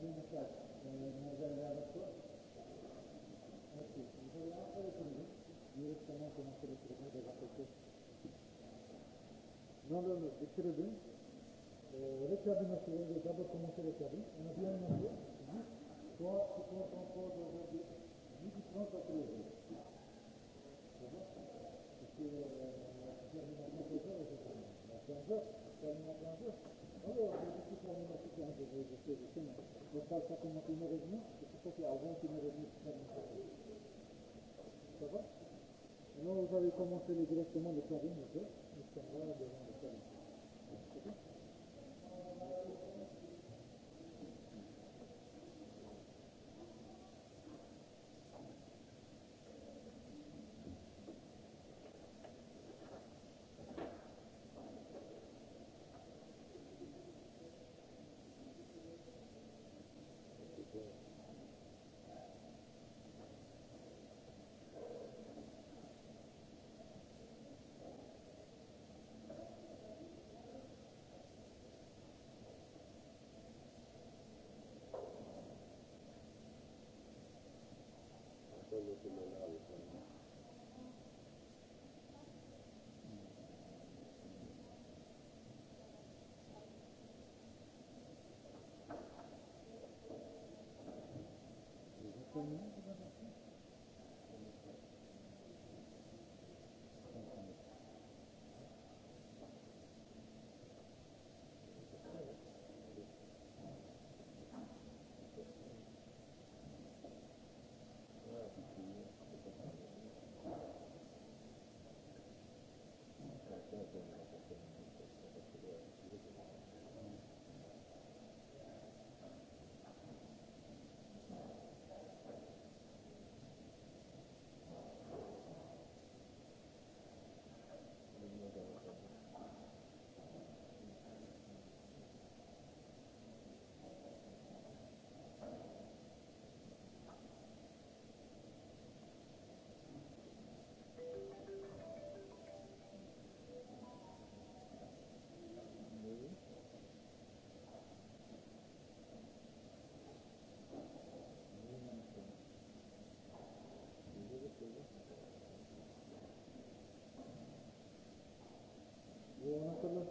No, no, no, ¿qué quieres ver? Ρέκαμπι να σου λέει κάπου ακόμα σε ρέκαμπι, ένα δύο ένα δύο, το αυτό το κόντο θα πει, δίκη πρώτα τρέχει. Και κάνει να κάνει το τέλος αυτό. Να κάνει να κάνει, όλο αυτό που κάνει να κάνει το τέλος αυτό ça, va Alors vous avez commencé directement le carré, le carré κείμενα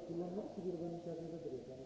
να